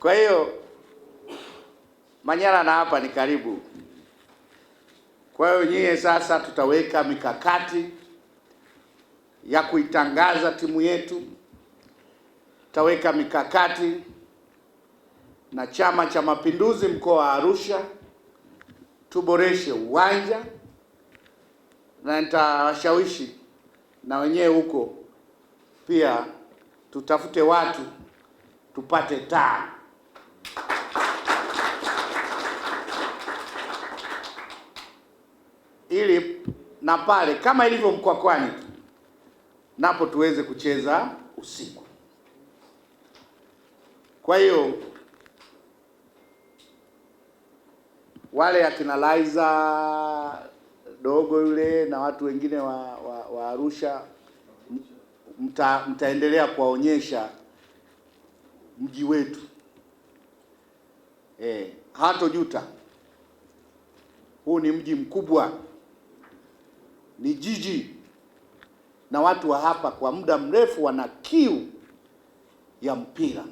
Kwa hiyo Manyara na hapa ni karibu. Kwa hiyo nyie sasa tutaweka mikakati ya kuitangaza timu yetu, tutaweka mikakati na Chama cha Mapinduzi mkoa wa Arusha, tuboreshe uwanja na nitawashawishi na wenyewe huko pia tutafute watu tupate taa. ili na pale kama ilivyo Mkwakwani napo tuweze kucheza usiku. Kwa hiyo wale akina Laiza dogo yule na watu wengine wa, wa, wa Arusha mta, mtaendelea kuwaonyesha mji wetu eh, hatojuta. Huu ni mji mkubwa ni jiji na watu wa hapa kwa muda mrefu wana kiu ya mpira.